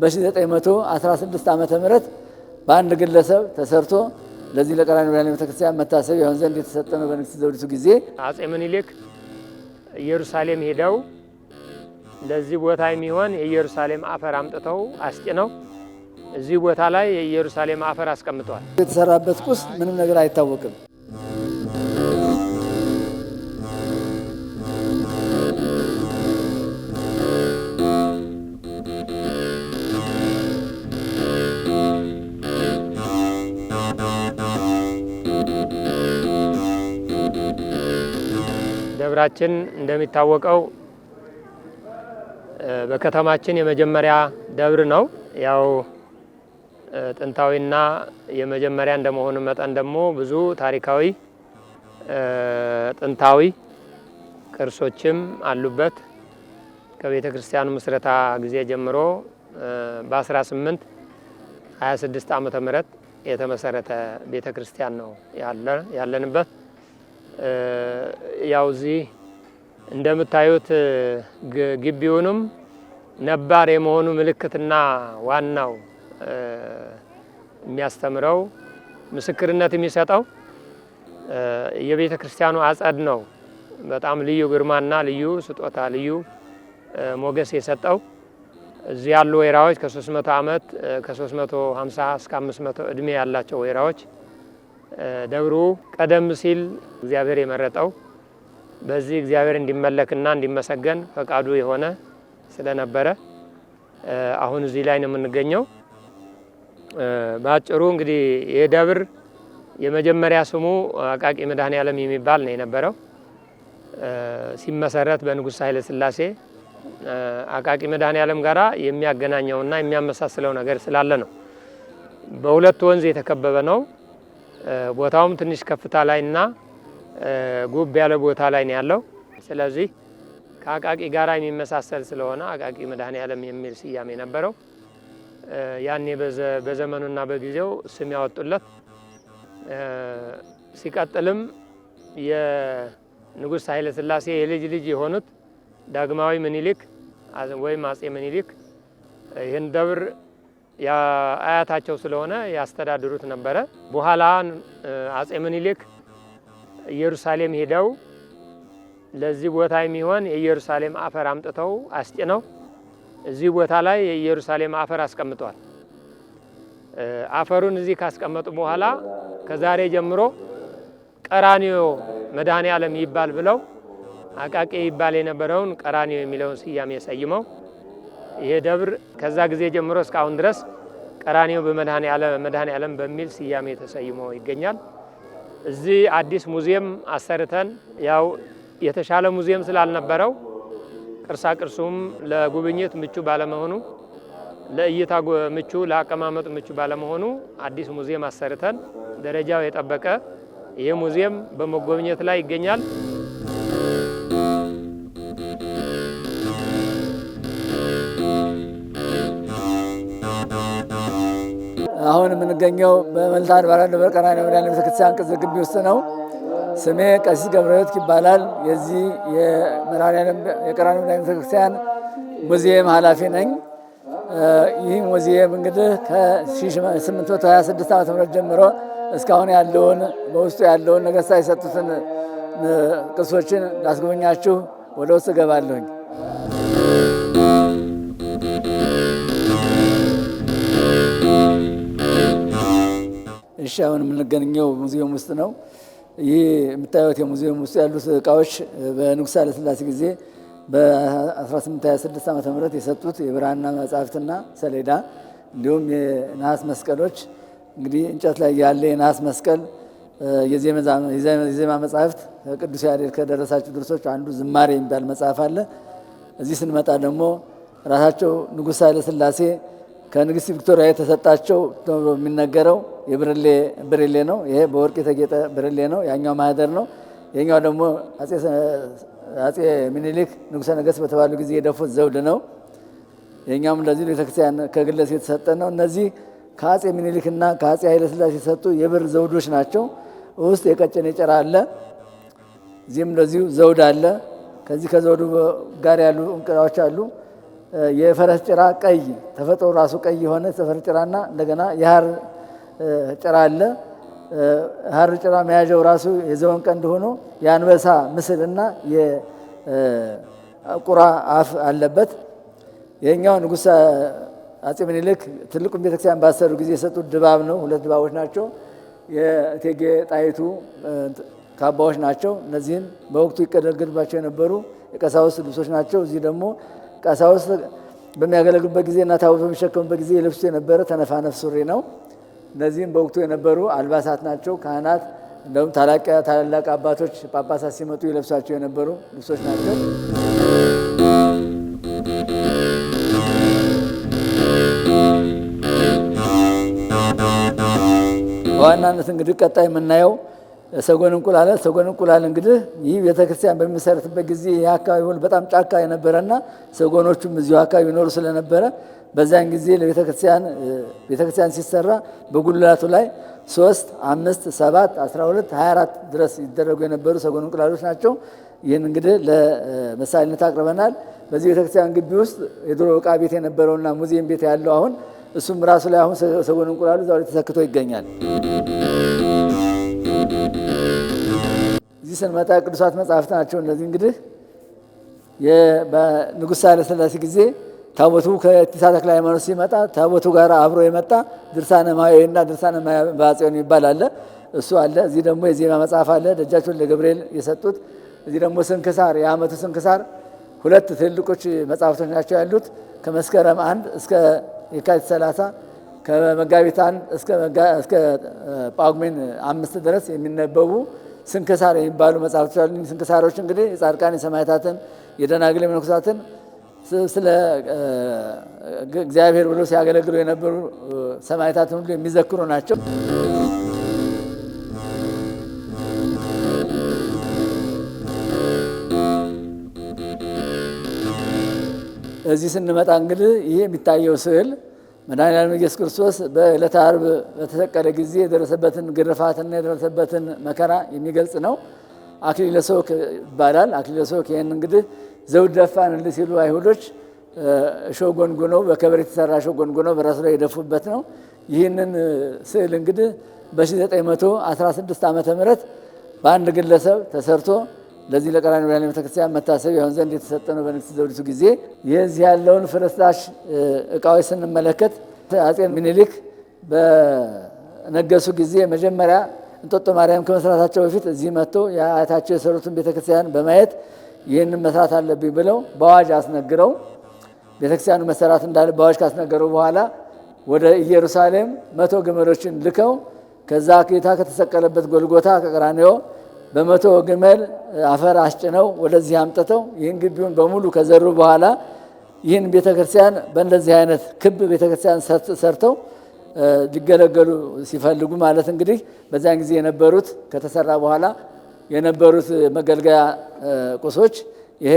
በ916 ዓ ም በአንድ ግለሰብ ተሰርቶ ለዚህ ለቀራንዮ ብርሃን ቤተክርስቲያን መታሰብ ይሆን ዘንድ የተሰጠ ነው። በንግሥት ዘውዲቱ ጊዜ አጼ ምኒልክ ኢየሩሳሌም ሄደው ለዚህ ቦታ የሚሆን የኢየሩሳሌም አፈር አምጥተው አስጭነው እዚህ ቦታ ላይ የኢየሩሳሌም አፈር አስቀምጠዋል። የተሰራበት ቁስ ምንም ነገር አይታወቅም። ሀገራችን እንደሚታወቀው በከተማችን የመጀመሪያ ደብር ነው። ያው ጥንታዊና የመጀመሪያ እንደመሆኑ መጠን ደግሞ ብዙ ታሪካዊ ጥንታዊ ቅርሶችም አሉበት። ከቤተ ክርስቲያኑ ምስረታ ጊዜ ጀምሮ በ1826 ዓ ምህረት የተመሰረተ ቤተ ክርስቲያን ነው ያለንበት። ያው እዚህ እንደምታዩት ግቢውንም ነባር የመሆኑ ምልክትና ዋናው የሚያስተምረው ምስክርነት የሚሰጠው የቤተ ክርስቲያኑ አጸድ ነው። በጣም ልዩ ግርማና ልዩ ስጦታ ልዩ ሞገስ የሰጠው እዚህ ያሉ ወይራዎች ከ300 ዓመት ከ350 እስከ 500 ዕድሜ ያላቸው ወይራዎች ደብሩ ቀደም ሲል እግዚአብሔር የመረጠው በዚህ እግዚአብሔር እንዲመለክና እንዲመሰገን ፈቃዱ የሆነ ስለነበረ አሁን እዚህ ላይ ነው የምንገኘው። በአጭሩ እንግዲህ ይህ ደብር የመጀመሪያ ስሙ አቃቂ መድኃኔ ዓለም የሚባል ነው የነበረው። ሲመሰረት በንጉሥ ኃይለ ሥላሴ አቃቂ መድኃኔ ዓለም ጋራ የሚያገናኘውና የሚያመሳስለው ነገር ስላለ ነው። በሁለት ወንዝ የተከበበ ነው። ቦታውም ትንሽ ከፍታ ላይ እና ጉብ ያለ ቦታ ላይ ነው ያለው። ስለዚህ ከአቃቂ ጋራ የሚመሳሰል ስለሆነ አቃቂ መድኃኔ ዓለም የሚል ስያሜ ነበረው። ያኔ በዘመኑና በጊዜው ስም ያወጡለት። ሲቀጥልም የንጉሥ ኃይለ ሥላሴ የልጅ ልጅ የሆኑት ዳግማዊ ምኒልክ ወይም አጼ ምኒልክ ይህን ደብር አያታቸው ስለሆነ ያስተዳድሩት ነበረ። በኋላ አጼ ምኒልክ ኢየሩሳሌም ሄደው ለዚህ ቦታ የሚሆን የኢየሩሳሌም አፈር አምጥተው አስጭነው እዚህ ቦታ ላይ የኢየሩሳሌም አፈር አስቀምጠዋል። አፈሩን እዚህ ካስቀመጡ በኋላ ከዛሬ ጀምሮ ቀራኒዮ መድኃኔ ዓለም ይባል ብለው አቃቂ ይባል የነበረውን ቀራኒዮ የሚለውን ስያሜ ሰይመው ይሄ ደብር ከዛ ጊዜ ጀምሮ እስካሁን ድረስ ቀራኒው በመድኃኔ ዓለም በሚል ስያሜ ተሰይሞ ይገኛል። እዚህ አዲስ ሙዚየም አሰርተን ያው የተሻለ ሙዚየም ስላልነበረው ቅርሳ ቅርሱም ለጉብኝት ምቹ ባለመሆኑ ለእይታ ምቹ ለአቀማመጡ ምቹ ባለመሆኑ አዲስ ሙዚየም አሰርተን ደረጃው የጠበቀ ይህ ሙዚየም በመጎብኘት ላይ ይገኛል። አሁን የምንገኘው በመልታ አድባራ ደብረ ቀራንዮ መድኃኔዓለም ቤተክርስቲያን ቅጽር ግቢ ውስጥ ነው። ስሜ ቀሲስ ገብረ ሕይወት ይባላል። የዚህ የመድኃኔዓለም የቀራንዮ መድኃኔዓለም ቤተክርስቲያን ሙዚየም ኃላፊ ነኝ። ይህ ሙዚየም እንግዲህ ከ826 ዓ ም ጀምሮ እስካሁን ያለውን በውስጡ ያለውን ነገስታ የሰጡትን ቅርሶችን ላስጎበኛችሁ ወደ ውስጥ እገባለሁኝ። ተመልሼ አሁን የምንገኘው ሙዚየም ውስጥ ነው። ይህ የምታዩት የሙዚየም ውስጥ ያሉት እቃዎች በንጉሥ ኃይለ ሥላሴ ጊዜ በ1826 ዓ ም የሰጡት የብራና መጽሐፍትና ሰሌዳ እንዲሁም የነሐስ መስቀሎች እንግዲህ እንጨት ላይ ያለ የነሐስ መስቀል የዜማ መጽሐፍት ቅዱስ ያሬድ ከደረሳቸው ድርሶች አንዱ ዝማሬ የሚባል መጽሐፍ አለ። እዚህ ስንመጣ ደግሞ ራሳቸው ንጉሥ ኃይለ ሥላሴ ከንግሥት ቪክቶሪያ የተሰጣቸው የሚነገረው የብርሌ ብርሌ ነው። ይሄ በወርቅ የተጌጠ ብርሌ ነው። ያኛው ማህደር ነው። የኛው ደግሞ አጼ ሚኒሊክ ንጉሠ ነገሥት በተባሉ ጊዜ የደፉት ዘውድ ነው። የኛም እንደዚህ ቤተክርስቲያን ከግለስ የተሰጠ ነው። እነዚህ ከአጼ ምኒልክና ከአጼ ኃይለሥላሴ የተሰጡ የብር ዘውዶች ናቸው። ውስጥ የቀጭን የጭራ አለ። እዚህም እንደዚሁ ዘውድ አለ። ከዚህ ከዘውዱ ጋር ያሉ እንቁላዎች አሉ። የፈረስ ጭራ ቀይ ተፈጥሮ ራሱ ቀይ የሆነ የፈረስ ጭራና እንደገና የሐር ጭራ አለ። ሐር ጭራ መያዣው ራሱ የዘወን ቀንድ ሆኖ የአንበሳ ምስልና የቁራ አፍ አለበት። የኛው ንጉሥ አጼ ምኒልክ ትልቁን ቤተክርስቲያን ባሰሩ ጊዜ የሰጡት ድባብ ነው። ሁለት ድባቦች ናቸው። የእቴጌ ጣይቱ ካባዎች ናቸው። እነዚህም በወቅቱ ይቀደግድባቸው የነበሩ የቀሳውስት ልብሶች ናቸው። እዚህ ደግሞ ቀሳውስት በሚያገለግሉበት ጊዜ እና ታቦት በሚሸከሙበት ጊዜ የልብሱ የነበረ ተነፋነፍ ሱሪ ነው። እነዚህም በወቅቱ የነበሩ አልባሳት ናቸው። ካህናት እንደውም ታላላቅ አባቶች ጳጳሳት ሲመጡ የለብሳቸው የነበሩ ልብሶች ናቸው። በዋናነት እንግዲህ ቀጣይ የምናየው ሰጎን እንቁላል ሰጎን እንቁላል እንግዲህ ይህ ቤተክርስቲያን በሚመሰረትበት ጊዜ የአካባቢ በጣም ጫካ የነበረና ሰጎኖቹም እዚሁ አካባቢ ይኖሩ ስለነበረ በዚያን ጊዜ ለቤተክርስቲያን ቤተክርስቲያን ሲሰራ በጉልላቱ ላይ ሶስት አምስት ሰባት አስራ ሁለት ሀያ አራት ድረስ ይደረጉ የነበሩ ሰጎን እንቁላሎች ናቸው። ይህን እንግዲህ ለምሳሌነት አቅርበናል። በዚህ ቤተክርስቲያን ግቢ ውስጥ የድሮ ዕቃ ቤት የነበረውና ሙዚየም ቤት ያለው አሁን እሱም ራሱ ላይ አሁን ሰጎን እንቁላሉ ዛሬ ተሰክቶ ይገኛል። እዚህ ስንመጣ ቅዱሳት መጽሐፍት ናቸው። እነዚህ እንግዲህ በንጉሥ ኃይለሥላሴ ጊዜ ታቦቱ ከቲሳ ተክለ ሃይማኖት ሲመጣ ታቦቱ ጋር አብሮ የመጣ ድርሳነ ማየና ድርሳነ ባጽዮን የሚባል አለ። እሱ አለ። እዚህ ደግሞ የዜማ መጽሐፍ አለ። ደጃቸውን ለገብርኤል የሰጡት እዚህ ደግሞ ስንክሳር፣ የአመቱ ስንክሳር ሁለት ትልልቆች መጽሐፍቶች ናቸው ያሉት ከመስከረም አንድ እስከ የካቲት ሰላሳ ከመጋቢት አንድ እስከ ጳጉሜን አምስት ድረስ የሚነበቡ ስንክሳር የሚባሉ መጽሐፍቶች አሉ። ስንክሳሮች እንግዲህ የጻድቃን የሰማዕታትን፣ የደናግል የመነኮሳትን ስለ እግዚአብሔር ብሎ ሲያገለግሉ የነበሩ ሰማዕታትን ሁሉ የሚዘክሩ ናቸው። እዚህ ስንመጣ እንግዲህ ይህ የሚታየው ስዕል መድኃኒዓለም ኢየሱስ ክርስቶስ በዕለተ ዓርብ በተሰቀለ ጊዜ የደረሰበትን ግርፋትና የደረሰበትን መከራ የሚገልጽ ነው። አክሊለ ሦክ ይባላል። አክሊለ ሦክ ይህን እንግዲህ ዘውድ ደፋንልህ ሲሉ አይሁዶች እሾህ ጎንጉነው በከበር የተሰራ እሾህ ጎንጉነው በራሱ ላይ የደፉበት ነው። ይህንን ስዕል እንግዲህ በ916 ዓ ም በአንድ ግለሰብ ተሰርቶ ለዚህ ለቀራንዮ ብርሃን ቤተክርስቲያን መታሰብ የሆን ዘንድ የተሰጠ ነው። በንግስት ዘውዲቱ ጊዜ የዚህ ያለውን ፍርስራሽ እቃዎች ስንመለከት አጼ ምኒልክ በነገሱ ጊዜ መጀመሪያ እንጦጦ ማርያም ከመስራታቸው በፊት እዚህ መጥተው የአያታቸው የሰሩትን ቤተክርስቲያን በማየት ይህንን መስራት አለብኝ ብለው በአዋጅ አስነግረው ቤተክርስቲያኑ መሰራት እንዳለ በአዋጅ ካስነገሩ በኋላ ወደ ኢየሩሳሌም መቶ ግመሎችን ልከው ከዛ ጌታ ከተሰቀለበት ጎልጎታ ከቀራንዮ በመቶ ግመል አፈር አስጭነው ወደዚህ አምጥተው ይህን ግቢውን በሙሉ ከዘሩ በኋላ ይህን ቤተክርስቲያን በእንደዚህ አይነት ክብ ቤተክርስቲያን ሰርተው ሊገለገሉ ሲፈልጉ ማለት እንግዲህ በዚያን ጊዜ የነበሩት ከተሰራ በኋላ የነበሩት መገልገያ ቁሶች ይሄ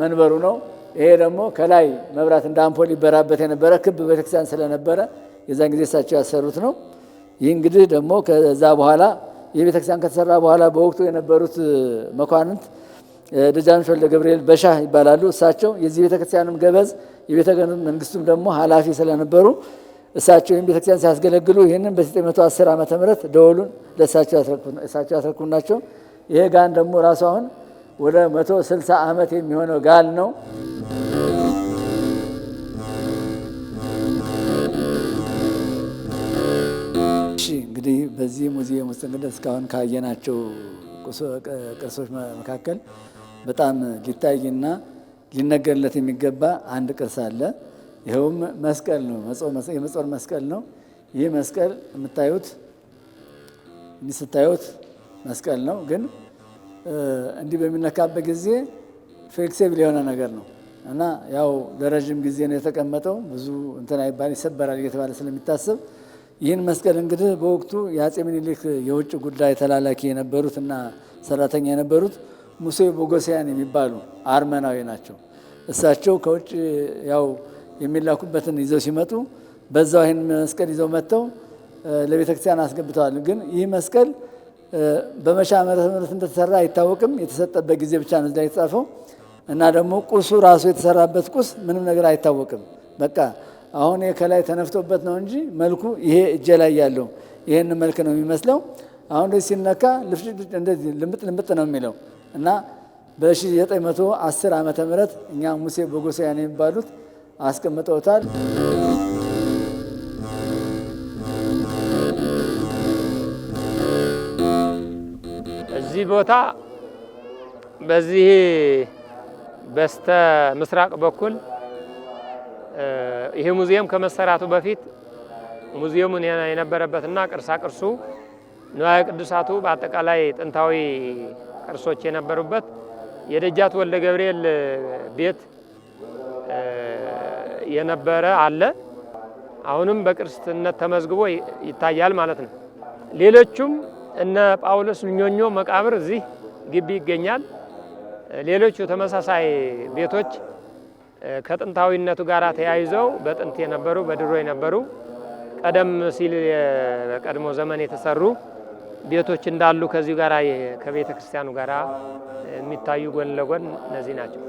መንበሩ ነው። ይሄ ደግሞ ከላይ መብራት እንደ አምፖል ይበራበት የነበረ ክብ ቤተክርስቲያን ስለነበረ የዛን ጊዜ እሳቸው ያሰሩት ነው። ይህ እንግዲህ ደግሞ ከዛ በኋላ ይህ ቤተክርስቲያን ከተሰራ በኋላ በወቅቱ የነበሩት መኳንንት ደጃዝማች ወልደ ገብርኤል በሻህ ይባላሉ። እሳቸው የዚህ ቤተክርስቲያንም ገበዝ የቤተ መንግስቱም ደግሞ ኃላፊ ስለነበሩ እሳቸው ይህን ቤተክርስቲያን ሲያስገለግሉ ይህንን በ910 ዓ ም ደወሉን ለእሳቸው ያስረክቡን ናቸው። ይሄ ጋን ደግሞ ራሱ አሁን ወደ 160 ዓመት የሚሆነው ጋን ነው። እንግዲህ በዚህ ሙዚየም ውስጥ እንግዲህ እስካሁን ካየናቸው ቅርሶች መካከል በጣም ሊታይና ሊነገርለት የሚገባ አንድ ቅርስ አለ። ይኸውም መስቀል ነው። የመጾር መስቀል ነው። ይህ መስቀል የምታዩት እንዲህ ስታዩት መስቀል ነው፣ ግን እንዲህ በሚነካበት ጊዜ ፍሌክሲብል የሆነ ነገር ነው እና ያው ለረዥም ጊዜ ነው የተቀመጠው። ብዙ እንትን አይባል ይሰበራል እየተባለ ስለሚታሰብ ይህን መስቀል እንግዲህ በወቅቱ የአጼ ምኒልክ የውጭ ጉዳይ ተላላኪ የነበሩት እና ሰራተኛ የነበሩት ሙሴ ቦጎሲያን የሚባሉ አርመናዊ ናቸው። እሳቸው ከውጭ ያው የሚላኩበትን ይዘው ሲመጡ በዛው ይህን መስቀል ይዘው መጥተው ለቤተ ክርስቲያን አስገብተዋል። ግን ይህ መስቀል በመቼ ዓመተ እንደተሰራ አይታወቅም። የተሰጠበት ጊዜ ብቻ ነው ላይ የተጻፈው እና ደግሞ ቁሱ ራሱ የተሰራበት ቁስ ምንም ነገር አይታወቅም። በቃ አሁን ከላይ ተነፍቶበት ነው እንጂ መልኩ ይሄ እጄ ላይ ያለው ይሄን መልክ ነው የሚመስለው። አሁን ላይ ሲነካ እንደዚህ ልምጥ ልምጥ ነው የሚለው እና በ910 ዓመተ ምህረት እኛ ሙሴ በጎሳያን የሚባሉት አስቀምጠውታል። እዚህ ቦታ በዚህ በስተ ምስራቅ በኩል ይሄ ሙዚየም ከመሰራቱ በፊት ሙዚየሙን የነበረበትና ቅርሳ ቅርሱ ንዋየ ቅዱሳቱ በአጠቃላይ ጥንታዊ ቅርሶች የነበሩበት የደጃት ወልደ ገብርኤል ቤት የነበረ አለ። አሁንም በቅርስነት ተመዝግቦ ይታያል ማለት ነው። ሌሎቹም እነ ጳውሎስ ኞኞ መቃብር እዚህ ግቢ ይገኛል። ሌሎቹ ተመሳሳይ ቤቶች ከጥንታዊነቱ ጋር ተያይዘው በጥንት የነበሩ በድሮ የነበሩ ቀደም ሲል በቀድሞ ዘመን የተሰሩ ቤቶች እንዳሉ ከዚሁ ጋር ከቤተ ክርስቲያኑ ጋር የሚታዩ ጎን ለጎን እነዚህ ናቸው።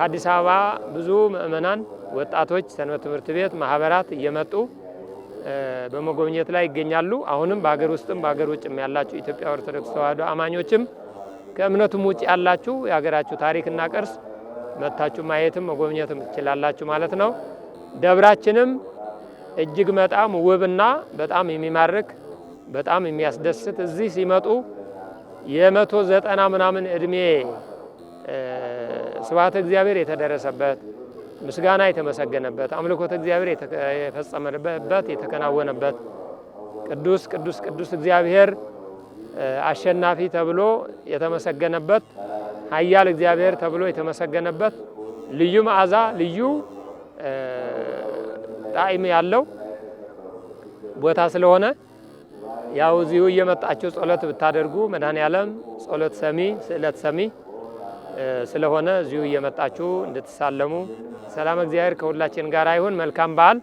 ከአዲስ አበባ ብዙ ምእመናን፣ ወጣቶች፣ ሰንበት ትምህርት ቤት ማህበራት እየመጡ በመጎብኘት ላይ ይገኛሉ። አሁንም በሀገር ውስጥም በሀገር ውጭም ያላችሁ ኢትዮጵያ ኦርቶዶክስ ተዋህዶ አማኞችም ከእምነቱም ውጭ ያላችሁ የሀገራችሁ ታሪክና ቅርስ መታችሁ ማየትም መጎብኘትም ትችላላችሁ ማለት ነው። ደብራችንም እጅግ በጣም ውብና በጣም የሚማርክ በጣም የሚያስደስት እዚህ ሲመጡ የመቶ ዘጠና ምናምን እድሜ ስብሐተ እግዚአብሔር የተደረሰበት ምስጋና የተመሰገነበት አምልኮተ እግዚአብሔር የፈጸመበት የተከናወነበት ቅዱስ ቅዱስ ቅዱስ እግዚአብሔር አሸናፊ ተብሎ የተመሰገነበት ኃያል እግዚአብሔር ተብሎ የተመሰገነበት ልዩ መዓዛ ልዩ ጣዕም ያለው ቦታ ስለሆነ ያው እዚሁ እየመጣችሁ ጸሎት ብታደርጉ መድኃኔ ጸሎት ሰሚ፣ ስዕለት ሰሚ ስለሆነ እዚሁ እየመጣችሁ እንድትሳለሙ። ሰላም እግዚአብሔር ከሁላችን ጋር ይሁን። መልካም በዓል